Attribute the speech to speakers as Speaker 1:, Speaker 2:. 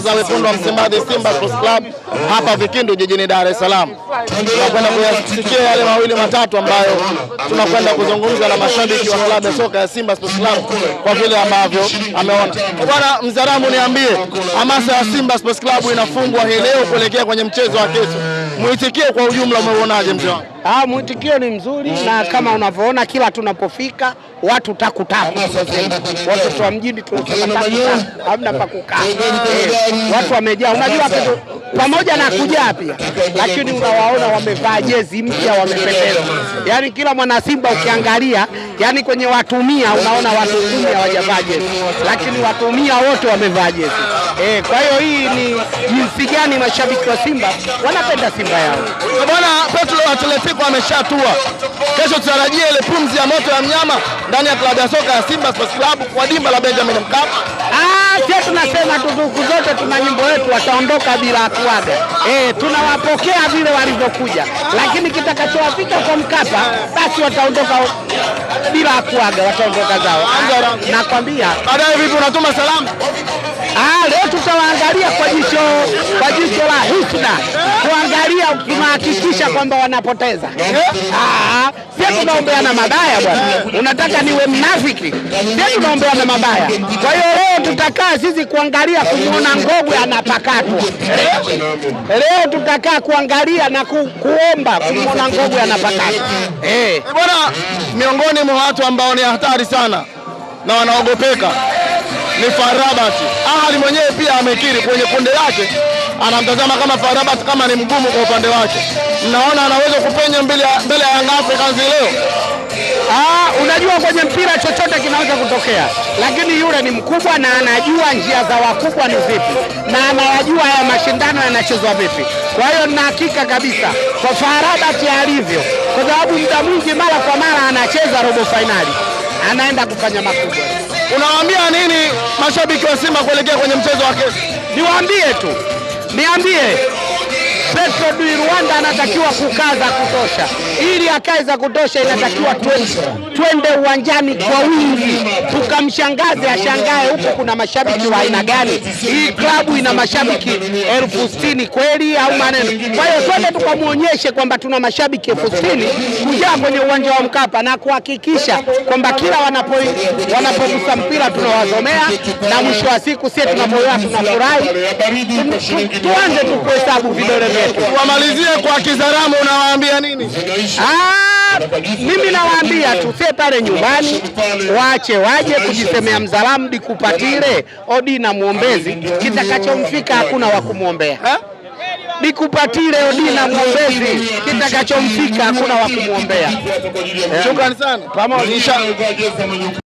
Speaker 1: za wekundu wa Msimbazi Simba Sports Club hapa Vikindu jijini Dar es Salaam. Tunakwenda kuyasikia yale mawili matatu ambayo tunakwenda kuzungumza na mashabiki wa klabu ya soka ya Simba Sports Club kwa vile ambavyo ameona. Eh, bwana Mzaramo, niambie hamasa ya Simba Sports Club inafungwa hii leo kuelekea kwenye mchezo wa kesho. Mwitikio kwa ujumla umeuonaje mzee wangu?
Speaker 2: Ah, mwitikio ni mzuri na kama unavyoona kila tunapofika watu takutaku watoto wa mjini hamna pa kukaa, watu wamejaa, unajua kitu pamoja na kujaa pia, lakini unawaona wamevaa jezi mpya, wamependeza. Yani kila mwana Simba ukiangalia, yani kwenye watumia unaona watu kumi hawajavaa jezi, lakini watumia wote wamevaa jezi e. Kwa hiyo hii ni jinsi gani mashabiki wa Simba wanapenda Simba yao
Speaker 1: bwana. Petro Atletico ameshatua, kesho tutarajia ile pumzi ya moto ya mnyama ndani ya klabu ya soka ya Simba Sports Club kwa dimba la Benjamin Mkapa
Speaker 2: tunasema tuzuku zote tuna nyimbo yetu, wataondoka bila kuaga. Eh, tunawapokea vile walivyokuja, lakini kitakachowafika kwa Mkapa basi wataondoka bila kuaga, wataondoka zao. Nakwambia
Speaker 1: baadaye. Vipi, unatuma salamu?
Speaker 2: Ah, leo tutawaangalia kwa jicho kwa jicho la hisna, kuangalia tunahakikisha kwamba wanapoteza. Ah, sio tunaombeana mabaya bwana, unataka niwe mnafiki? Sio tunaombeana mabaya. Kwa hiyo leo tutakaa sisi kuangalia kumwona Ngogwe anapakatwa. Leo tutakaa kuangalia na ku, kuomba kumwona Ngogwe anapakatwa.
Speaker 1: Eh. eh, bwana, miongoni mwa watu ambao ni hatari sana na wanaogopeka ni Farabat. ahali mwenyewe pia amekiri kwenye kundi lake, anamtazama kama Farabat kama ni mgumu kwa upande wake. Mnaona anaweza kupenya mbele ya Yanga Africans leo.
Speaker 2: Ah, unajua kwenye mpira chochote kinaweza kutokea, lakini yule ni mkubwa na anajua njia za wakubwa ni zipi na anawajua haya mashindano yanachezwa vipi. Kwa hiyo nina hakika kabisa kwa Farabat alivyo, kwa sababu muda mwingi mara kwa mara anacheza robo fainali, anaenda kufanya makubwa.
Speaker 1: Unawaambia nini mashabiki wa Simba kuelekea kwenye mchezo wa kesho?
Speaker 2: Niwaambie tu, niambie Petro dui Rwanda anatakiwa kukaza kutosha. Ili akae za kutosha, inatakiwa twende uwanjani kwa wingi tukamshangaze, ashangae huko kuna mashabiki wa aina gani. Hii klabu ina mashabiki elfu sitini kweli au maneno? Kwa hiyo twende tukamwonyeshe kwamba tuna mashabiki elfu sitini kujaa kwenye uwanja wa Mkapa na kuhakikisha kwamba kila wanapogusa mpira tunawazomea, na mwisho wa siku sie tunapoa tunafurahi. Tuanze tu kuhesabu vidole yetu.
Speaker 1: Wamalizie kwa kizaramu unawaambia nini?
Speaker 2: Ah, mimi nawaambia tusie pale nyumbani, wache waje kujisemea mzalamu kupatile odi na mwombezi, kitakachomfika hakuna wa kumwombea nikupatile odina mwombezi, kitakachomfika hakuna wa kumwombea. Eh. Shukrani sana